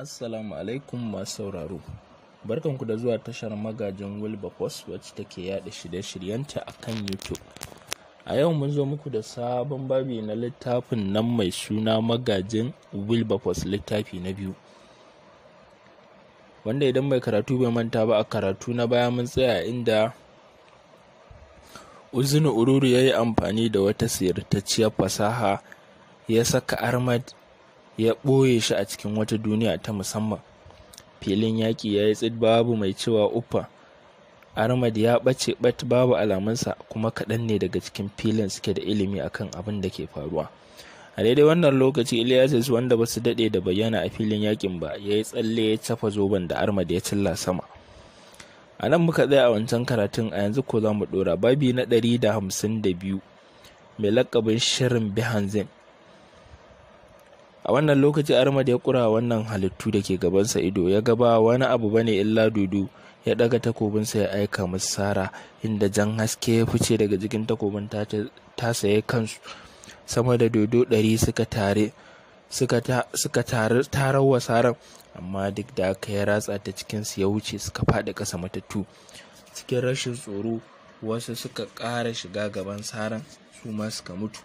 Assalamu alaikum masu sauraro. Barkanku da zuwa tashar magajin Wilberforce wacce take yada shirye-shiryenta a kan YouTube. A yau mun zo muku da sabon babi na littafin nan mai suna magajin Wilberforce littafi na biyu. Wanda idan mai karatu bai manta ba a karatu na baya mun tsaya inda Uzunu Ururu ya yi amfani da wata siyartacciyar fasaha ya saka Ahmad ya ɓoye shi a cikin wata duniya ta musamman filin yaƙi ya yi tsid babu mai cewa uffa armad ya ɓace ɓat babu alamunsa kuma kaɗan ne daga cikin filin suke da ilimi akan abin da ke faruwa a daidai wannan lokaci iliyasis wanda ba su daɗe da bayyana a filin yaƙin ba ya yi tsalle ya cafa zoben da armad ya cilla sama a nan muka tsaya a wancan karatun a yanzu ko za mu ɗora babi na ɗari da hamsin da biyu mai lakabin shirin bihanzin a wannan lokaci armad ya kura wannan halittu da ke gabansa ido ya gaba wani abu bane illa dudu ya daga takobinsa ya aika musu inda jan haske ya fice daga jikin takobin ta saye kansu sama da dodo ɗari suka tare suka tarar wa amma duk da aka ya ratsa ta cikinsu ya wuce suka faɗi kasa matattu cikin rashin tsoro wasu suka ƙara shiga gaban saran su ma suka mutu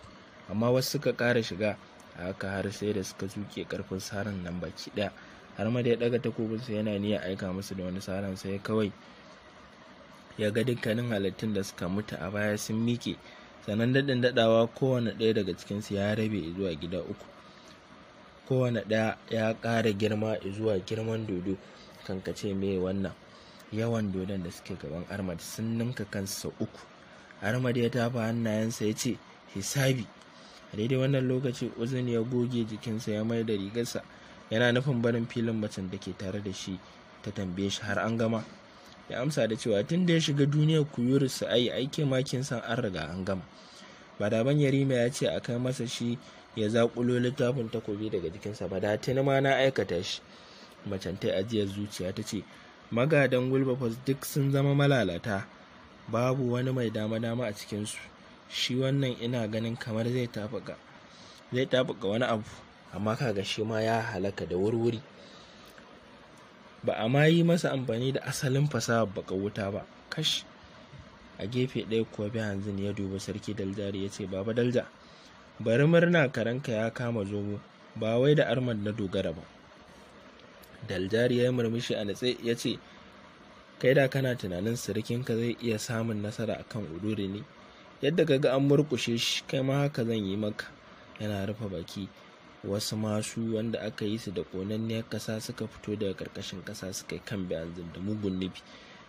amma wasu suka kara shiga a haka har sai da suka zuke karfin saran nan baki daya har ma da ya daga takobinsa yana niyan aika musu da wani saran sai kawai ya ga dukkanin halittun da suka mutu a baya sun mike sannan daɗin daɗawa kowane ɗaya daga cikinsu ya rabe zuwa gida uku kowane ɗaya ya ƙara girma zuwa girman dodo kankace me wannan yawan dodon da suke gaban armad sun ninka kansa uku armad ya tafa hannayensa ya ce hisabi daidai wannan lokaci uzun ya goge jikinsa ya mai da rigarsa yana nufin barin filin macen da ke tare da shi ta tambaye shi har an gama ya amsa da cewa tun da ya shiga duniyar kuyuri su ayi aike makin san an riga an gama badaban yarima ya ce a kai masa shi ya zaƙulo littafin takobi daga jikinsa ba da tuni ma na aikata shi macen ta ajiyar zuciya ta ce magadan wilberforce duk sun zama malalata babu wani mai dama-dama a cikinsu shi wannan ina ganin kamar zai tafuka zai tafuka wani abu amma kaga shi ma ya halaka da wurwuri ba a ma yi masa amfani da asalin fasahar baka wuta ba kash a gefe ɗaya kuwa bihanzin ya dubi sarki daljari ya ce baba dalja bari murna karanka ya kama zomo ba wai da armar na dogara ba daljari ya yi murmushi a natse ya ce kai da kana tunanin sarkinka zai iya samun nasara akan uduri ne yadda ka ga an murkushe shi kai ma haka zan yi maka yana rufe baki wasu masu wanda aka yi su da ƙonanniyar ƙasa suka fito daga ƙarƙashin ƙasa suka kan bayanzin da mugun nufi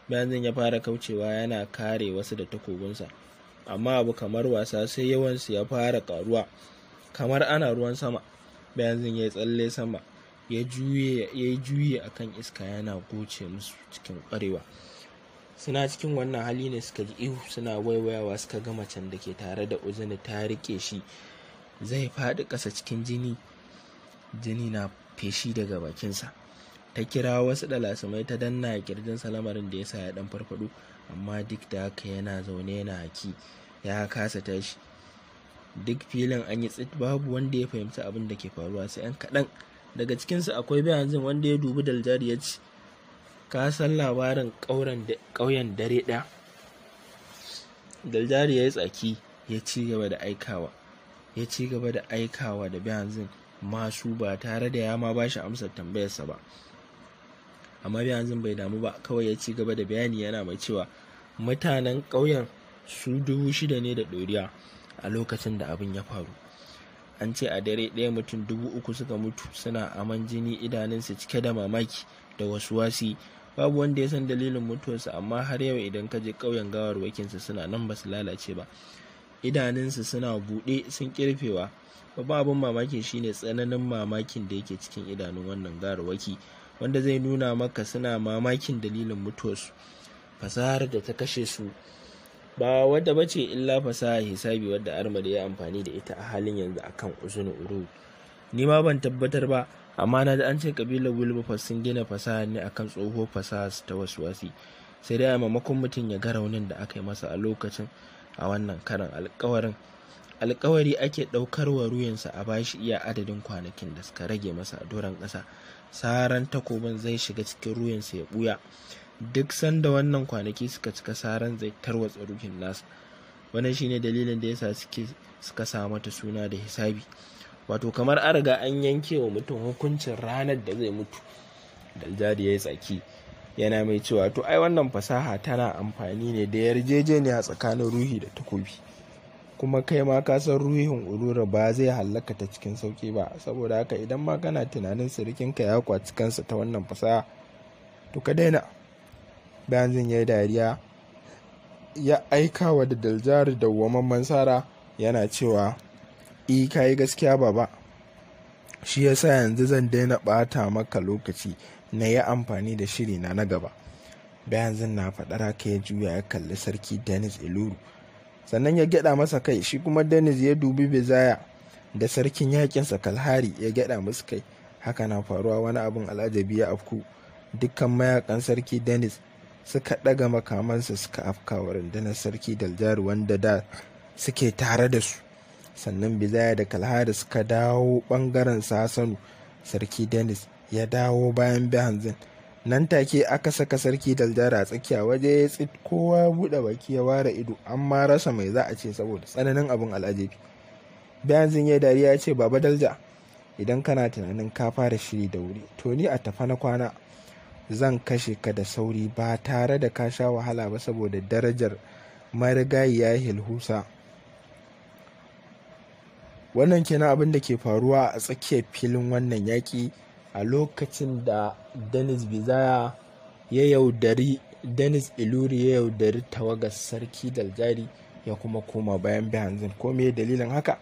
bayanzin ya fara kaucewa yana kare wasu da takobinsa amma abu kamar wasa sai yawansu ya fara karuwa. kamar ana ruwan sama bayanzin ya tsalle sama ya juye a kan iska yana goce musu cikin kwarewa. suna cikin wannan hali ne suka ji ihu suna waiwayawa suka ga macen da ke tare da uzini ta rike shi zai faɗi ƙasa cikin jini jini na feshi daga bakinsa ta kira wasu dalasumai ta danna a kirjin lamarin da ya sa ya dan farfado amma duk da haka yana zaune yana haki ya kasa tashi duk filin an yi tsit babu wanda ya fahimci abin da ke faruwa sai yan kaɗan daga cikinsu akwai bayan wanda ya dubi daljari ya ce ka san labarin ƙauyen dare ɗaya daljari ya yi tsaki ya ci gaba da aikawa ya ci gaba da aikawa da masu ba tare da ya ma ba shi amsar tambayarsa ba amma bihanzin bai damu ba kawai ya ci gaba da bayani yana mai cewa mutanen ƙauyen su dubu shida ne da ɗoriya a lokacin da abin ya faru an ce a dare ɗaya mutum dubu uku suka mutu suna aman jini idanunsa cike da mamaki da wasu wasi babu wanda ya san dalilin mutuwarsa amma har yau idan ka je ƙauyen gawarwakinsa suna nan ba su lalace ba idanunsa suna buɗe sun kirfewa babban abin mamakin shine tsananin mamakin da yake cikin idanun wannan gawarwaki wanda zai nuna maka suna mamakin dalilin mutuwarsu fasahar da ta kashe su ba wadda bace illa fasaha hisabi wadda armada ya amfani da ita a halin yanzu akan uzun uru ni ma ban tabbatar ba amma na da an ce kabilar wilberforce sun gina fasaha ne akan tsohuwar fasaha ta wasu wasi sai dai a maimakon mutum ya ga raunin da aka yi masa a lokacin a wannan karan alkawarin alkawari ake ɗaukar wa ruyansa a bashi iya adadin kwanakin da suka rage masa a doron ƙasa saran takobin zai shiga cikin ruyansa ya buya duk sanda wannan kwanaki suka cika saran zai tarwatsa ruhin nasa wannan shine dalilin da yasa suke suka sa mata suna da hisabi wato kamar an riga an yanke wa mutum hukuncin ranar da zai mutu daljadi ya yi tsaki yana mai cewa to ai wannan fasaha tana amfani ne da yarjejeniya tsakanin ruhi da takobi kuma kai ma ka san ruhin urura ba zai hallaka ta cikin sauki ba saboda haka idan ma kana tunanin sirikinka ya kwaci kansa ta wannan fasaha to ka daina bayan zan yi dariya ya aika wa da daljari dawwamamman sara yana cewa eh ka yi gaskiya baba shi yasa yanzu zan daina ɓata maka lokaci na yi amfani da shiri na na gaba bayan zan na faɗar haka ya juya ya kalli sarki dennis iluru sannan ya gyada masa kai shi kuma dennis ya dubi bezaya da sarkin sa kalhari ya gyada musu kai haka na faruwa wani abin al'ajabi ya afku dukkan mayakan sarki dennis suka daga makamansa suka afkawa rundunar sarki daljar wanda da suke tare da su sannan bizaya da Kalhari suka dawo bangaren sasanu sarki dennis ya dawo bayan bihanzin nan take aka saka sarki daljara a tsakiya waje ya tsit kowa buɗe baki ya ware ido amma rasa mai za a ce saboda tsananin abin al'ajabi bihanzin ya dariya ya ce baba dalja idan kana tunanin ka fara shiri da wuri to ni a tafa na kwana zan kashe ka da sauri ba tare da ka sha wahala ba saboda darajar marigayi ya hilhusa wannan kenan abin da ke faruwa a tsakiyar filin wannan yaƙi a lokacin da denis bizaya ya yaudari denis iluri ya yaudari tawagar sarki daljari ya kuma koma bayan bihanzin ko me dalilin haka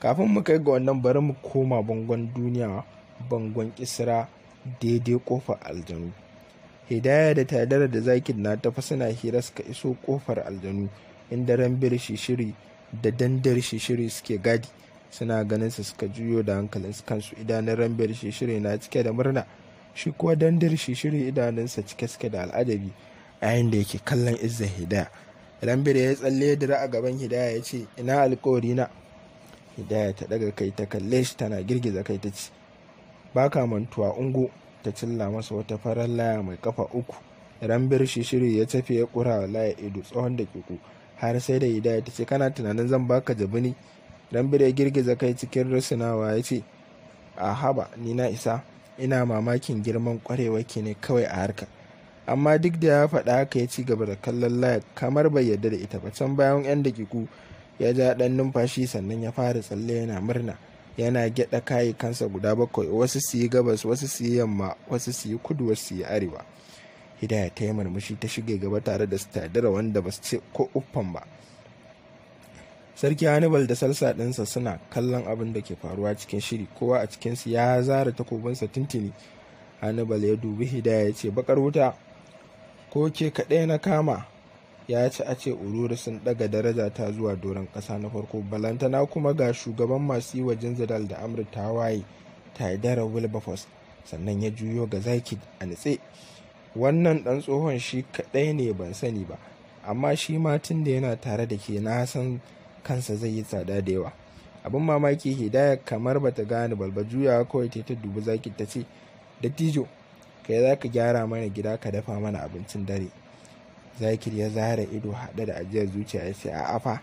kafin mu kai ga wannan bari mu koma bangon duniya bangon kisra daidai kofar aljanu hidaya da tadara da zakin na tafi suna hira suka iso kofar aljanu inda rambir shishiri da dandar shishiri suke gadi suna ganin su suka juyo da hankalin su kansu idanun rambiyar shishire na cike da murna shi kuwa dandar shishire idanunsa cike suke da al'ajabi. a yayin da yake kallon izza hidaya rambiyar ya tsalle dira a gaban hidaya ya ce ina alkawari na hidaya ta daga kai ta kalle shi tana girgiza kai ta ci, ba ka mantuwa ungo ta cilla masa wata farar laya mai kafa uku rambir shishiri ya tafi ya kura laya ido tsawon dakiku har sai da hidaya ta ce kana tunanin zan baka jabi ne don bude girgiza kai cikin rusunawa ya ce a haba ni na isa ina mamakin girman kwarewa ki ne kawai a harka amma duk da ya faɗa haka ya ci gaba da kallon layak kamar bai yarda da ita ba can bayan 'yan dakiku ya ja ɗan numfashi sannan ya fara tsalle yana murna yana gyaɗa kayayyakansa guda bakwai wasu su yi gabas wasu su yi yamma wasu su yi kudu wasu su yi arewa hidaya ta yi murmushi ta shige gaba tare da su wanda ba su ce ko uffan ba sarki hannibal da salsa ɗinsa suna kallon abin da ke faruwa cikin shiri kowa a cikinsu ya zara takobinsa tuntuni hannibal ya dubi hidaya ya ce bakar wuta ko ke kaɗai na kama ya ci a ce ururu sun ɗaga daraja ta zuwa doron ƙasa na farko balantana kuma ga shugaban masu yi wa jinzidal da amur tawaye taidara wilberforce sannan ya juyo ga zaki a nitse wannan ɗan tsohon shi kaɗai ne ban sani ba amma shi ma tun da yana tare da ke na san kansa zai yi tsada da yawa abin mamaki hidaya kamar bata gane balba juyawa kawai ta ta dubi zaki ta ce dattijo kai za ka gyara mana gida ka dafa mana abincin dare zakir ya zara ido hada da ajiyar zuciya ya ce a'a fa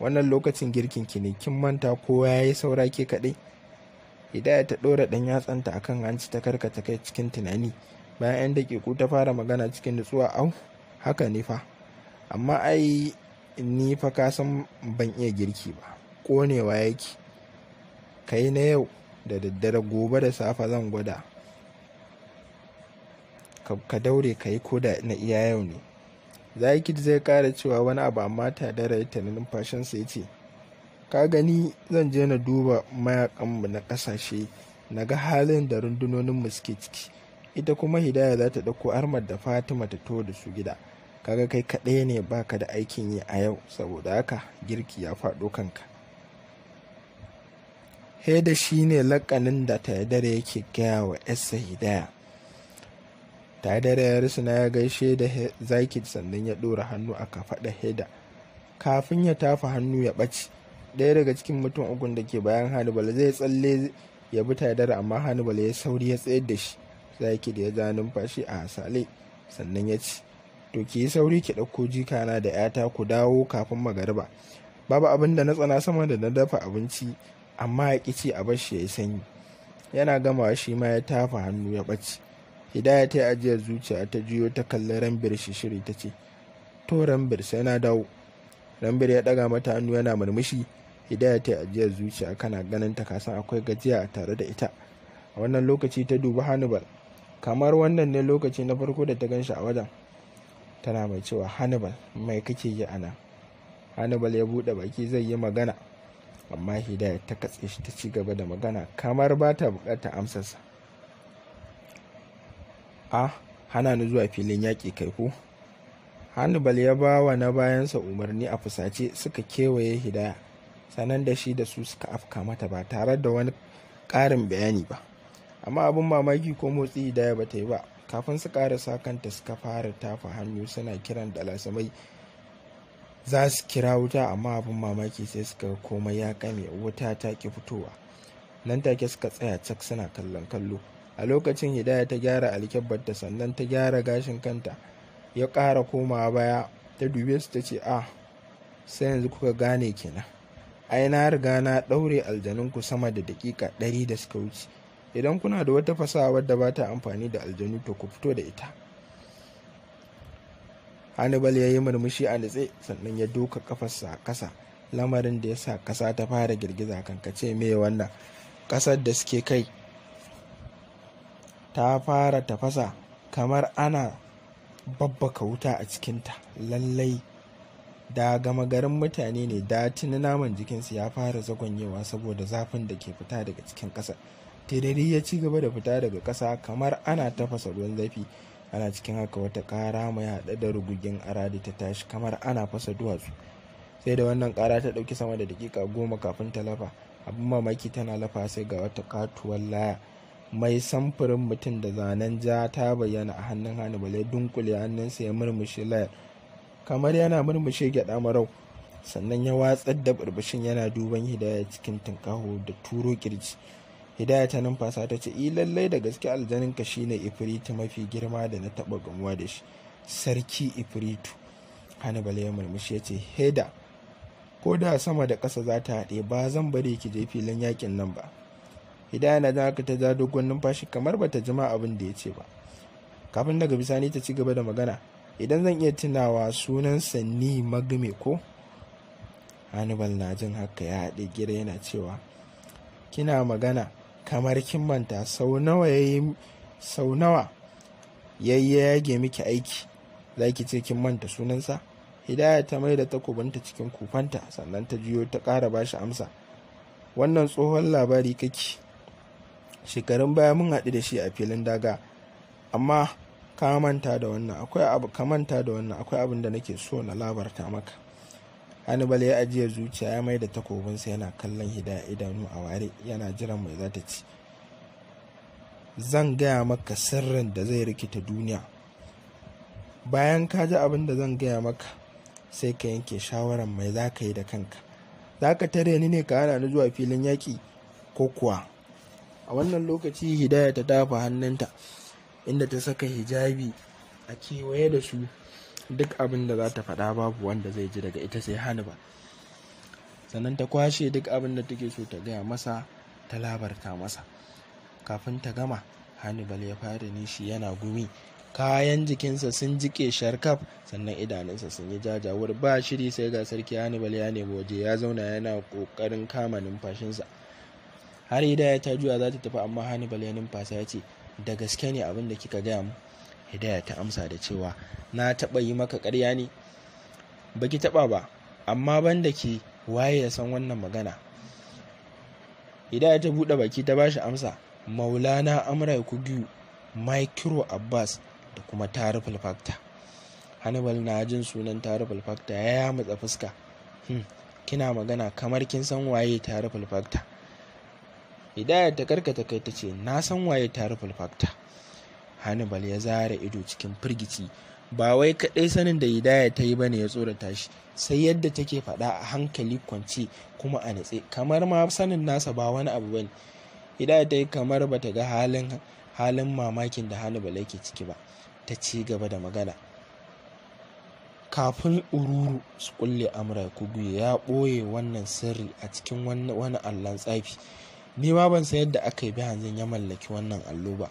wannan lokacin girkin ki ne kin manta kowa ya yi saura ke kaɗai hidaya ta ɗora ɗan yatsanta akan hanci ta karkata kai cikin tunani bayan 'yan daƙiƙu ta fara magana cikin nutsuwa au haka ne fa amma ai ni fa ka san ban iya girki ba ƙonewa yake kai na yau da daddare gobe da safe zan gwada ka daure ka yi koda na iya yau ne zakit zai ƙara cewa wani abu amma tadara ya tana numfashinsa ya ce ka gani zan je na duba mayakanmu na ƙasashe na ga halin da rundunoninmu suke ciki ita kuma hidaya za ta ɗauko armar da fatima ta to da su gida kaga kai kaɗai ne baka da aikin yi a yau saboda haka girki ya faɗo kanka heda shi ne lakanin da taidare yake gaya wa yarsa hidaya taidare ya risina ya gaishe da zaki sannan ya ɗora hannu a kafaɗa heda kafin ya tafa hannu ya ɓace ɗaya daga cikin mutum ukun da ke bayan hannibal zai tsalle ya bi taidare amma hannibal ya sauri ya tsayar da shi zaki da ya ja numfashi a hasale sannan ya ce to ki yi sauri ki ɗauko jika na da yata ku dawo kafin magariba babu abin da na tsana sama da na dafa abinci amma ya ƙi ci a bashi ya yi sanyi yana gamawa shi ma ya tafa hannu ya ɓace hidaya ta yi ajiyar zuciya ta juyo ta kalli rambir shi shiri ta ce to rambir sai na dawo rambir ya ɗaga mata hannu yana murmushi hidaya ta yi ajiyar zuciya kana ganin ta kasan akwai gajiya a tare da ita a wannan lokaci ta dubi hannibal kamar wannan ne lokaci na farko da ta gan shi a wajen tana mai cewa hannibal mai kake yi a nan hannibal ya buɗe baki zai yi magana amma hidaya ta katse shi ta ci gaba da magana kamar ba ta bukata amsarsa a hana ni zuwa filin yaƙi kai ko hannibal ya ba wa na bayansa umarni a fusace suka kewaye hidaya sanan da shi da su suka afka mata ba tare da wani ƙarin bayani ba amma abin mamaki ko motsi hidaya ba ta yi ba kafin su karasa kanta suka fara tafa hannu suna kiran da lasamai za su kira wuta amma abin mamaki sai suka komai ya kame wuta ta ki fitowa nan take suka tsaya cak suna kallon kallo a lokacin hidaya ta gyara alkyabbarta sannan ta gyara gashin kanta ya ƙara komawa baya ta dube su ta ce a ah, sai yanzu kuka gane kenan ai na riga na ɗaure ku sama da daƙiƙa ɗari da suka wuce idan kuna da wata fasaha wadda ba ta amfani da aljanu to ku fito da ita hannibal ya yi murmushi a nitse, sannan ya doka kafarsa a kasa lamarin da ya sa kasa ta fara girgiza kan kankace me wannan kasar da suke kai ta fara tafasa kamar ana babbaka wuta a cikinta lallai da gama garin mutane ne da tuni naman jikinsu ya fara zagonyewa saboda zafin da ke fita daga cikin ƙasa. tiriri ya ci gaba da fita daga ƙasa kamar ana tafasa ruwan zafi ana cikin haka wata ƙara mai haɗe da rugugin aradi ta tashi kamar ana fasa duwatsu sai da wannan ƙara ta ɗauki sama da daƙiƙa goma kafin ta lafa abin mamaki tana lafa sai ga wata katuwar laya mai samfurin mutum da zanen ja ta bayyana a hannun hannibal ya dunkule hannunsa ya murmushe layar kamar yana murmushe gyaɗa marau sannan ya watsar da burbushin yana duban hidaya cikin tunkaho da turo kirji hidaya ta numfasa ta ce eh, lallai da gaske aljaninka shine ifiritu mafi girma da na taba gamuwa da shi sarki ifiritu hannibal ya murmushi ya ce heda ko da sama da ƙasa za ta haɗe ba zan bari ki je filin yakin nan ba hidaya na haka ta ja dogon numfashi kamar bata jima abin da ya ce ba kafin daga bisani ta ci gaba da magana idan zan iya tunawa sunan Sanni magme ko hannibal na jin haka ya haɗe gira yana cewa kina magana kamar kin manta sau nawa yi sau nawa ya yage miki aiki za ki ce kin manta sunansa hidaya ta mai da takobanta cikin kufanta sannan ta juyo ta kara ba shi amsa wannan tsohon labari kake shekarun baya mun haɗu da shi a filin daga amma ka manta da wannan akwai abin da nake so na labarta maka hannibal ya ajiye zuciya ya mai da takobinsa yana kallon hida idanu a ware yana jiran mai za ta ci zan gaya maka sirrin da zai rikita duniya bayan ka ji abin da zan gaya maka sai ka yanke shawarar mai za ka yi da kanka za ka tare ni ne ka hana ni zuwa filin yaƙi ko kuwa a wannan lokaci hidaya ta dafa hannunta inda ta saka hijabi a kewaye da su duk abin da za ta faɗa babu wanda zai ji daga ita sai hannibal sannan ta kwashe duk abin da take so ta gaya masa ta labarta masa kafin ta gama hannibal ya fara nishi yana gumi kayan jikinsa sun jike sharkaf sannan idanunsa sun yi jajawar ba shiri sai ga sarki hannibal ya nemi waje ya zauna yana kokarin kama numfashinsa har ya ta juya za ta tafi amma hannibal ya numfasa ya ce da gaske ne abin da kika gaya mu hidaya ta amsa da cewa na taɓa yi maka karya ne baki taɓa ba amma ban da ke waye ya san wannan magana hidaya ta buɗe baki ta bashi amsa maulana amra kugiyu micro abbas da kuma tariful fakta hannibal na jin sunan tariful fakta ya matsa fuska hmm, kina magana kamar kin san waye tariful fakta hidaya ta karkata kai ta ce na san waye tariful fakta hannibal ya zara ido cikin firgici ba wai kaɗai sanin da hidaya ta yi ba ne ya tsorata shi sai yadda take faɗa a hankali kwance kuma a natse kamar ma sanin nasa ba wani abu bane hidaya ta yi kamar ba ta ga halin halin mamakin da hannibal yake ciki ba ta ci gaba da magana kafin ururu su kulle ku kuguye ya ɓoye wannan sirri a cikin wani allon tsafi ni ma ban san yadda aka yi bihanzin ya mallaki wannan allo ba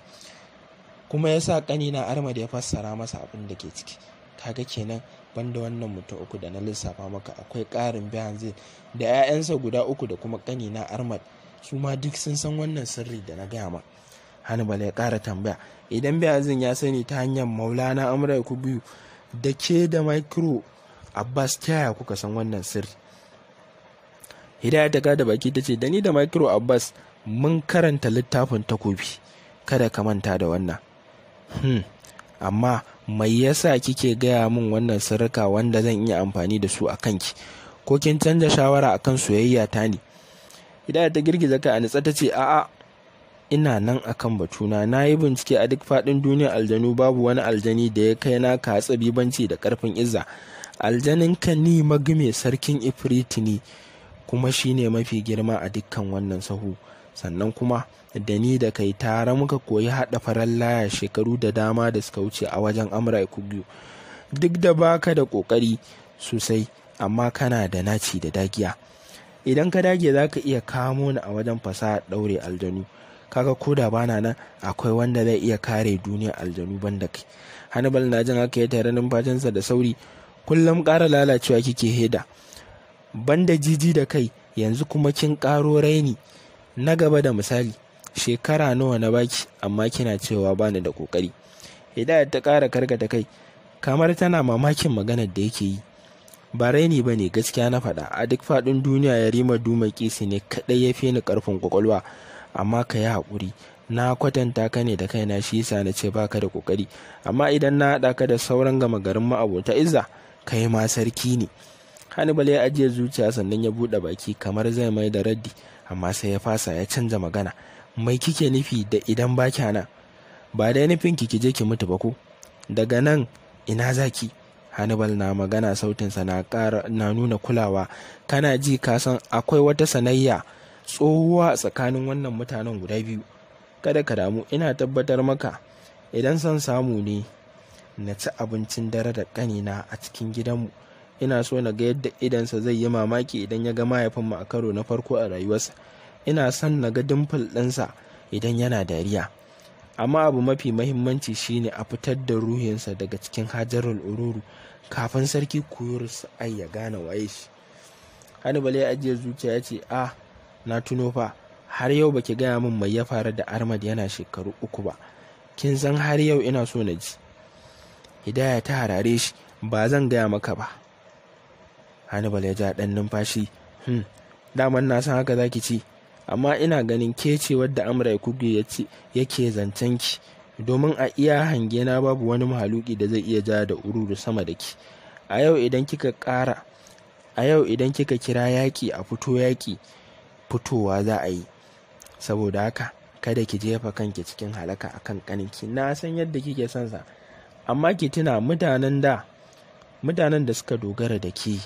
kuma ya sa ƙanina armad ya fassara masa abin da ke ciki kaga kenan banda wannan mutum uku da na lissafa maka akwai ƙarin behanzin da 'ya'yansa guda uku da kuma ƙanina armad su ma duk sun san wannan sirri da na gaya ma hannibal ya ƙara tambaya idan behanzin ya sani ta hanyar maulana amurai ku biyu da ke da micro abbas taya kuka san wannan sirri hidaya ta kada baki ta ce da ni da micro abbas mun karanta littafin takobi kada ka manta da wannan Hmm, amma mai yasa kike gaya min wannan sirrika wanda zan iya amfani da su a kanki? Ko kin canza shawara a kan soyayya ta ne? idan ta girgiza ka a nitsa ta ce a'a ina nan akan batuna na yi bincike a duk faɗin duniyar aljanu babu wani aljani da ya kai na katsa bibanci da karfin izza aljanin ka ni magume sarkin ifritini kuma shine mafi girma a dukkan wannan sahu sannan kuma da ni da kai tare muka koyi haɗa farar laya shekaru da dama da suka wuce a wajen amra kugyu duk da baka da ƙoƙari sosai amma kana da naci da dagiya idan ka dage za ka iya kamo ni a wajen fasaha ɗaure aljanu kaga ko da bana nan akwai wanda zai iya kare duniya aljanu banda kai hannibal na jin haka ya tare numfashinsa da sauri kullum ƙara lalacewa kike heda banda jiji da kai yanzu kuma kin ƙaro raini na gaba da misali shekara nawa na baki amma kina cewa bani da kokari hidayat ta kara karkata kai kamar tana mamakin maganar da yake yi ba raini ba ne gaskiya na faɗa a duk faɗin duniya ya rima duma kisi ne kaɗai ya fi ni ƙarfin kwakwalwa amma ka yi haƙuri na kwatanta ka ne da kaina shi yasa na ce baka da kokari amma idan na haɗa ka da sauran gama garin ma'abota izza kai ma sarki ne hannibal ya ajiye zuciya sannan ya bude baki kamar zai mai da raddi amma sai ya fasa ya canza magana mai kike nufi da idan ba nan ba dai nufin ki je ki mutu ba ko daga nan ina zaki hannibal na magana sautinsa na ƙara na nuna kulawa kana ji ka san akwai wata sanayya tsohuwa tsakanin wannan mutanen guda biyu kada ka damu ina tabbatar maka idan son samu ne na ci abincin dare da ƙanina a cikin gidanmu ina so na ga yadda idansa zai yi mamaki idan ya ga mahaifinmu a karo na farko a rayuwarsa ina son na ga dimfil ɗinsa idan yana dariya amma abu mafi mahimmanci shine a fitar da ruhinsa daga cikin hajarul ururu kafin sarki koyar ai ya gane waye shi hannibal ya ajiye zuciya ya ce A ah, na tuno fa har yau baki gaya min mai ya faru da armad yana shekaru uku ba kin san har yau ina so na ji hidaya ta harare shi ba zan gaya maka ba hannibal ya ja ɗan numfashi hmm daman na san haka zaki ci amma ina ganin ke ce wadda amra kugu yake zancen ki domin a iya hange na babu wani mahaluki da zai iya ja da ururu sama da ki a yau idan kika ƙara a yau idan kika kira yaƙi a fito yaƙi fitowa za a yi saboda haka kada ki jefa kanki cikin halaka akan kaninki na san yadda kike sansa, amma ki tuna mutanen da mutanen da suka dogara da ke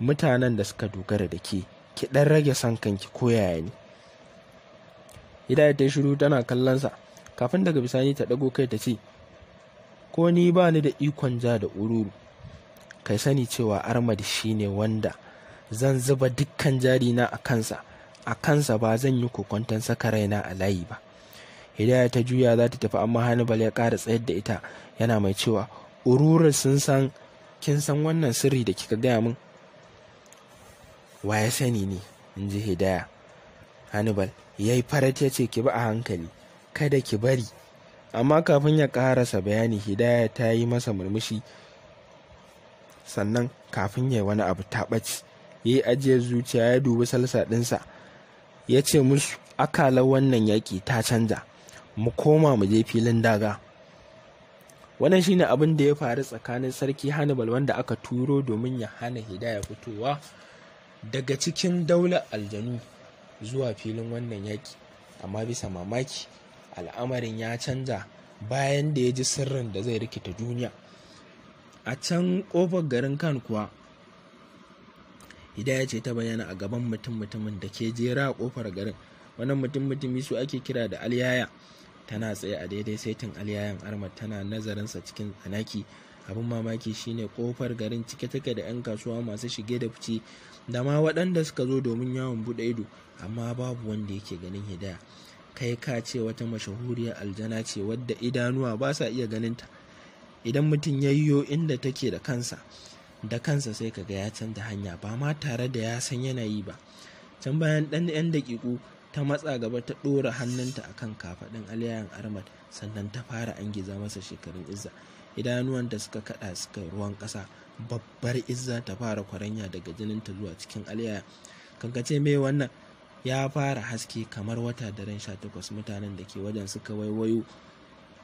mutanen da suka dogara da ke ki dan rage son kanki ko yaya ne hidaya ta shiru tana kallon sa kafin daga bisani ta dago kai ta ce ko ni ba ni da ikon ja da ururu kai sani cewa armadi shine wanda zan zuba dukkan na a kansa a kansa ba zan yi kokontan saka raina a layi ba hidaya ta juya za ta tafi amma hannibal ya ƙara tsayar da ita yana mai cewa ururu sun san kin san wannan sirri da kika gaya min wa ya sani ne in ji hidaya hannibal ya yi farat ya ce ki bi a hankali kada ki bari amma kafin ya karasa bayani hidaya ta yi masa murmushi sannan kafin ya yi wani abu ta ɓaci ya yi ajiyar zuciya ya dubi salsa ɗinsa ya ce musu akalar wannan yaƙi ta canza mu koma mu je filin daga wannan shine abin da ya faru tsakanin sarki hannibal wanda aka turo domin ya hana hidaya fitowa daga cikin daular aljanu zuwa filin wannan yaƙi amma bisa mamaki al'amarin ya canza bayan da ya ji sirrin da zai rikita duniya a can ƙofar garin kan kuwa ya ce ta bayyana a gaban mutum mutumin da ke jera a ƙofar garin wannan mutum mutumi su ake kira da alyaya tana tsaye a daidai saitin alyayan armar tana nazarinsa cikin tsanaki abin mamaki shine kofar garin cike take da 'yan kasuwa masu shige da fice da ma waɗanda suka zo domin yawon buɗe ido amma babu wanda yake ganin hidaya kai ka ce wata mashahuriyar aljana ce wadda idanuwa ba sa iya ganinta idan mutum ya yiwo inda take da kansa da kansa sai kaga ya canza hanya ba ma tare da ya san yanayi ba can bayan ɗan 'yan daƙiƙu ta matsa gaba ta ɗora hannunta akan kafaɗin aliyayan armad sannan ta fara angiza masa shekarun izza idanuwanta suka kada suka ruwan ƙasa babbar izza ta fara kwaranya daga jinin jininta zuwa cikin aliyaya kankace mai wannan ya fara haske kamar wata daren sha takwas mutanen da ke wajen suka waiwayo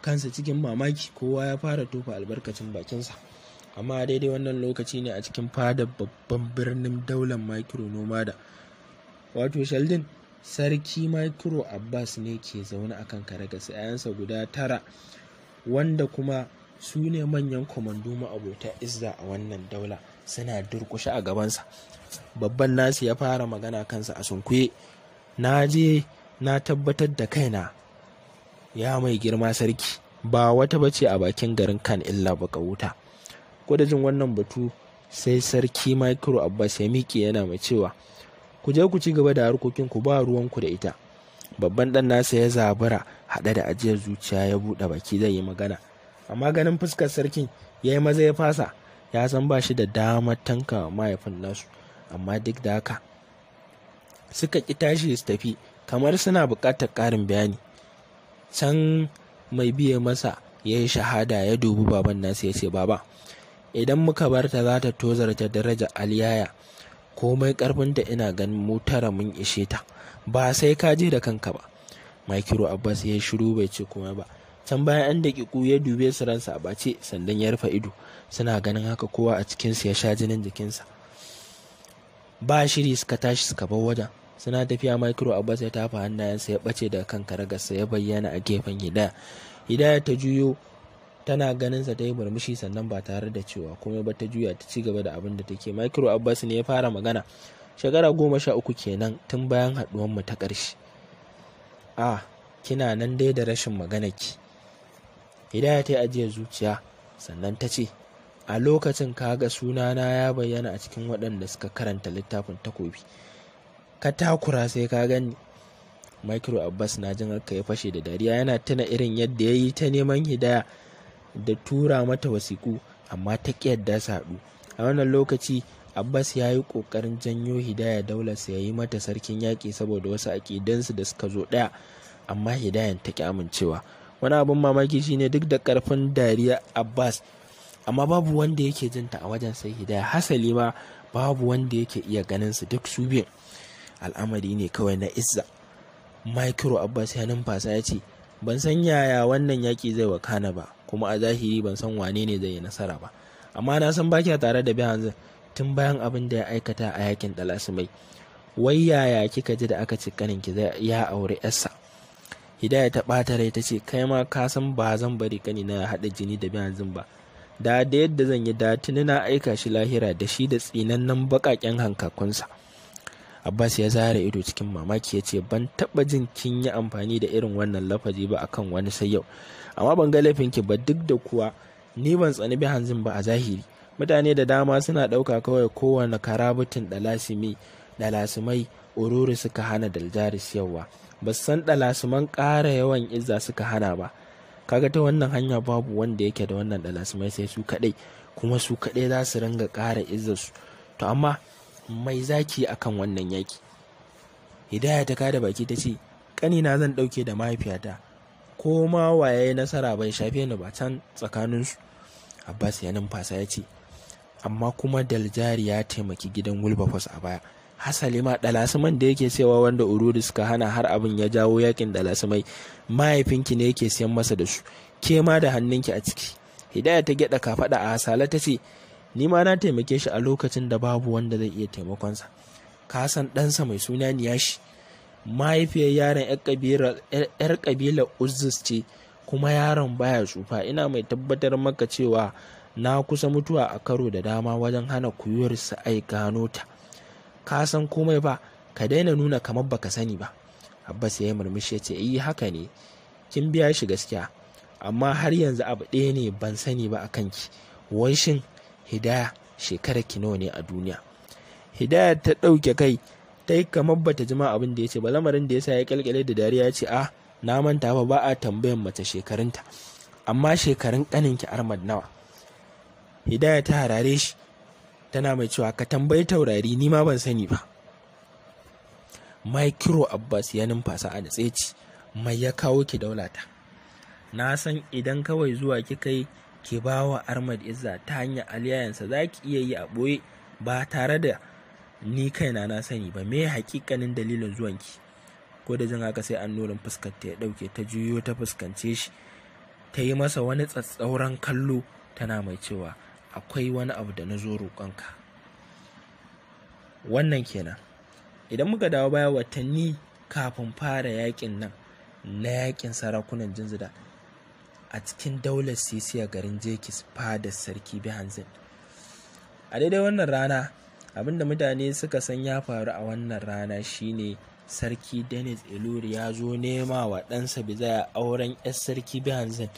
kansa cikin mamaki kowa ya fara tofa albarkacin bakinsa amma daidai wannan lokaci ne a cikin fada babban birnin daular micro nomada wato sheldon sarki micro abbas ne ke zaune a akan karagasa 'ya'yansa guda tara wanda kuma su ne manyan kwamandu ma'abota izza a wannan daula suna durkushe a gabansa babban nasu ya fara magana kansa a sunkuye na je na tabbatar da kaina ya mai girma sarki ba wata ba ce a bakin garin kan illa baka wuta jin wannan batu sai sarki micro abbas ya miƙe yana mai cewa ku je ku ci gaba da harkokin ku ba ruwanku da ita babban dan nasa ya zabura haɗe da ajiyar zuciya ya buɗe baki zai yi magana amma ganin fuskar sarkin ya yi maza ya fasa ya san ba shi da damar tanka mahaifin nasu amma duk da haka suka ƙi tashi su tafi kamar suna buƙatar ƙarin bayani can mai biye masa ya yi shahada ya dubi baban nasu ya ce baba idan muka bar ta za ta tozarta daraja aliyaya komai da ina ganin mu mun ishe ta ba sai ka je da kanka ba makiro abbas ya shiru bai ce kuma ba can bayan an daƙiƙu ya dube su ransa a bace sandan ya rufe ido suna ganin haka kowa a cikinsu ya sha jinin jikinsa ba shiri suka tashi suka bar wajen suna tafiya micro abbas ya tafa hannayensa ya bace daga kan karagarsa ya bayyana a gefen hidaya hidaya ta juyo tana ganinsa ta yi murmushi sannan ba tare da cewa komai ba ta juya ta ci gaba da abin da take micro abbas ne ya fara magana shekara goma sha uku kenan tun bayan mu ta ƙarshe a ah, kina nan dai da rashin magana ki hidaya ta yi ajiyar zuciya sannan ta ce a lokacin kaga sunana ya bayyana a cikin waɗanda suka karanta littafin takobi ka takura sai ka gani micro abbas na jin ya fashe da dariya yana tuna irin yadda ya yi ta neman hidaya da tura mata wasiku amma ta yadda saɗu a wannan lokaci abbas ya yi ƙoƙarin janyo hidaya daularsa ya yi mata sarkin yaƙi saboda wasu aƙidansu da suka zo ɗaya amma hidayan ta ƙi amincewa wani abin mamaki ne duk da karfin dariya abbas amma babu wanda yake jinta a wajen sai hidaya hasali ma babu wanda yake iya ganin su duk su biyan al'amari ne kawai na izza micro abbas ya numfasa ya ce ban san yaya wannan yaki zai wakana ba kuma a zahiri ban san wane ne zai yi nasara ba amma na san baki tare da bihanzin tun bayan abin da ya aikata a yakin dalasimai wai yaya kika ji da aka ci kaninki ya aure yarsa hidaya ta bata rai ta ce kai ma ka san ba zan bari kani na haɗa jini da biyan ba da da yadda zan yi da tuni na aika shi lahira da shi da tsinannen baƙaƙen hankakunsa abbas ya zare ido cikin mamaki ya ce ban taba jin kin yi amfani da irin wannan lafazi ba akan wani sai yau amma ban ga ki ba duk da kuwa ni ban tsani bihanzin ba a zahiri mutane da dama suna ɗauka kawai kowane karabutin da lasimai suka hana daljaris yawa ba san dalasuman ƙara yawan izza suka hana ba kaga ta wannan hanya babu wanda yake da wannan dalasumai sai su kaɗai kuma su kaɗai za su ringa ƙara izza su to amma mai zaki akan wannan yaki hidaya ta kada baki ta ce ƙanina zan ɗauke da mahaifiyata ko ma waye nasara bai shafe ni ba can tsakaninsu abbas ya numfasa ya ce amma kuma daljari ya taimaki gidan wilberforce a baya hasali ma dalasiman da yake cewa wanda urudi suka hana har abin ya jawo yakin dalasimai mahaifinki ne yake siyan masa da su ke ma da hannunki a ciki hidaya ta gyada kafada a hasala ta ce ni ma na taimake shi a lokacin da babu wanda zai iya taimakonsa ka san ɗansa mai suna niyashi mahaifiyar yaron yar kabilar uzus ce kuma yaron baya tsufa ina mai tabbatar maka cewa na kusa mutuwa a karo da dama wajen hana kuyuwarsa ai gano ta ka san komai ba ka daina nuna kamar baka sani ba abbas ya yi murmushi ya ce yi eh, haka ne kin biya shi gaskiya amma har yanzu abu ɗaya ne ban sani ba a kanki wai shin hidaya shekarar ki nawa ne a duniya hidaya ta ɗauke kai ta yi kamar bata jima abin da ya ce ba lamarin da ya sa ya kalkale da dariya ya ce a. Ah, na manta ba ba a tambayan mace shekarunta amma shekarun kaninki armad nawa hidaya ta harare shi tana mai cewa ka tambayi taurari ni ma ban sani ba micro abbas ya numfasa a natse ci mai ya kawo ki daulata na san idan kawai zuwa kika yi ki ba wa armad izza ta hanyar aliyayensa za ki iya yi a ɓoye ba tare da ni kaina na sani ba me hakikanin dalilin zuwanki ko da jin haka sai fuskar fuskanta ya ɗauke ta juyo ta fuskance shi ta yi masa wani tsatsauran kallo tana mai cewa akwai wani abu da na zo roƙonka wannan kenan idan muka dawo baya watanni kafin fara yakin nan na yakin sarakunan jinzida a cikin daular sisiya garin jekis fadar sarki bihanzin a daidai wannan rana abinda mutane suka san ya faru a wannan rana shine sarki denis eluri ya zo nema wa ɗansa bizaya auren 'yar sarki bihanzin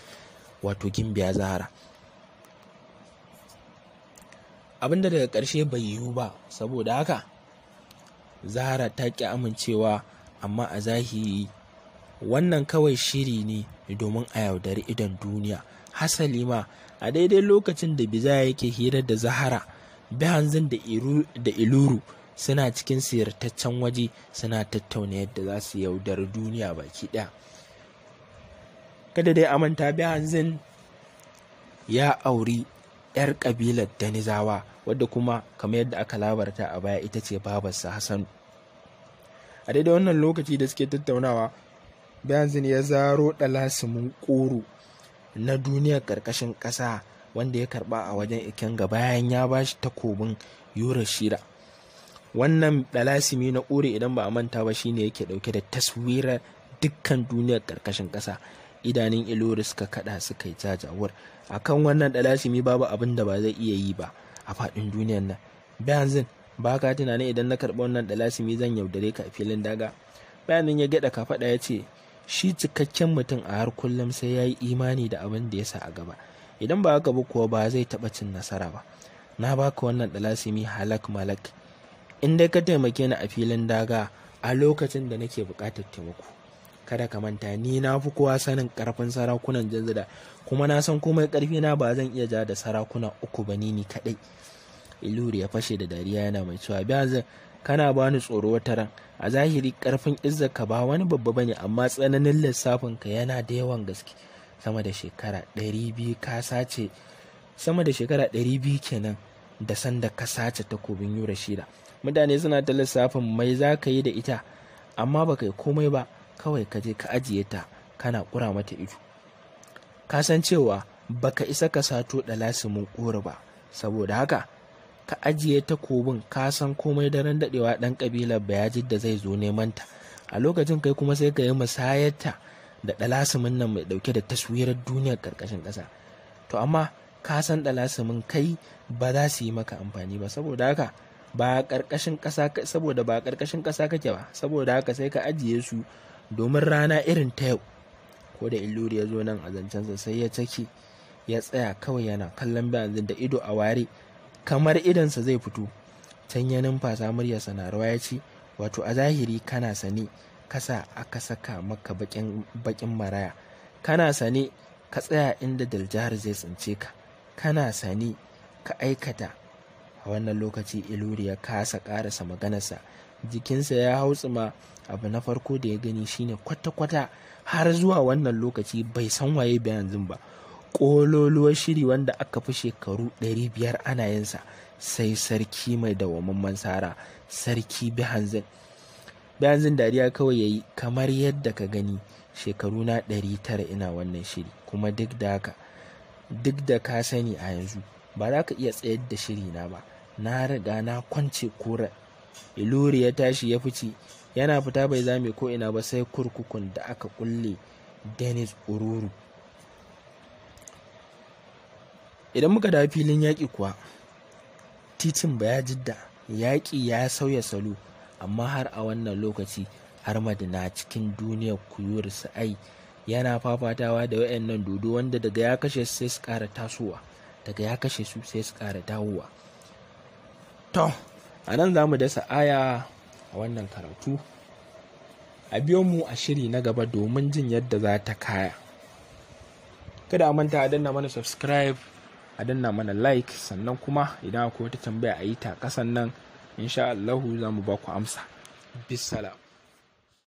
wato gimbiya zahara da daga ƙarshe bai yiwu ba saboda haka zahara ta ƙi amincewa amma a zahiri wannan kawai shiri ne domin a yaudari idon duniya hasali ma a daidai lokacin da biza yake hira da zahara bihanzin da iluru suna cikin siyartaccen waje suna tattauna yadda za su yaudari duniya baki ɗaya kada dai amanta bihanzin ya auri 'yar ƙabilar danizawa wadda kuma kamar yadda aka labarta a baya ita ce babarsa hassanu a daidai wannan lokaci da suke tattaunawa bayanzin ya zaro dalasimin ƙuru na duniyar karkashin ƙasa wanda ya karba a wajen ikenga bayan ya ba shi takobin shira wannan dalasimi na ƙuru idan ba a manta ba shine yake dauke da taswirar dukkan duniyar karkashin ƙasa idanun ilori suka kada suka yi jajawar akan wannan dalashimi babu abin da ba zai iya yi ba a faɗin duniyar nan zin! ba ka tunanin idan na karɓi wannan dalashimi zan yaudare ka a filin daga bayanin ya gaɗa kafaɗa ya ce shi cikakken mutum a har kullum sai ya yi imani da abin da ya sa a gaba idan ba haka ba kuwa ba zai taɓa cin nasara ba na baka wannan dalasimi halak malak in dai ka taimake ni a filin daga a lokacin da nake buƙatar taimako kada ka manta ni na fi kowa sanin karfin sarakunan janzida kuma na san komai karfi na ba zan iya ja da sarakuna uku ba ni kadai iluri ya fashe da dariya yana mai cewa biya kana bani tsoro wata ran a zahiri karfin izza ka ba wani babba bane amma tsananin lissafin ka yana da yawan gaske sama da shekara ɗari ka sace sama da shekara biyu kenan da sanda ka sace takobin yura shida mutane suna ta lissafin mai za ka yi da ita amma ba kai komai ba kawai ka je ka ajiye ta kana kura mata ido ka san cewa baka isa ka sato da lasimin ba saboda haka ka ajiye ta kobin ka san komai daren daɗewa ɗan ƙabilar bayajid da zai zo neman ta a lokacin kai kuma sai ka yi musayarta da ɗalasimin nan mai ɗauke da taswirar duniyar ƙarƙashin ƙasa to amma ka san ɗalasimin kai ba za su yi maka amfani ba saboda haka ba ƙarƙashin ƙasa saboda ba ƙarƙashin ƙasa kake ba saboda haka sai ka ajiye su domin rana irin ta yau ko da Iluri ya zo nan a zancensa sai ya cake ya tsaya kawai yana kallon bayanzin da ido a ware kamar idonsa zai fito can ya numfasa muryarsa na rawa ya ce wato a zahiri kana sani kasa aka saka maka bakin maraya kana sane ka tsaya inda daljihar zai tsince ka kana sane ka aikata a wannan lokaci iluri ya kasa karasa maganarsa jikinsa ya hau tsima abu na farko da ya gani shine kwata-kwata har zuwa wannan lokaci bai san waye yanzu ba ƙololuwar shiri wanda aka fi shekaru 500 ana yinsa sai sarki mai dawamamman sara sarki bihanzin bihanzin dariya kawai ya yi kamar yadda ka gani shekaru na 900 ina wannan shiri kuma duk da haka duk da ka sani a yanzu ba za ka iya tsayar da shiri na ba na riga na kwance korar iluri ya tashi ya fice yana fita bai zame ko ina ba sai kurkukun da aka kulle denis ururu idan muka da filin yaƙi kuwa titin ba ya jidda yaƙi ya sauya salo amma har a wannan lokaci har madina cikin duniyar kuyur sa'ai yana fafatawa da wayannan dodo wanda daga ya kashe sai su ƙara tasowa daga ya kashe su sai su ƙara dawowa to a nan za mu dasa aya a wannan karatu a biyo mu a shiri na gaba domin jin yadda za ta kaya kada a manta a danna mana subscribe a danna mana like sannan kuma idan akwai wata tambaya a yi ta kasan nan insha'allahu za mu ba ku amsa bisalam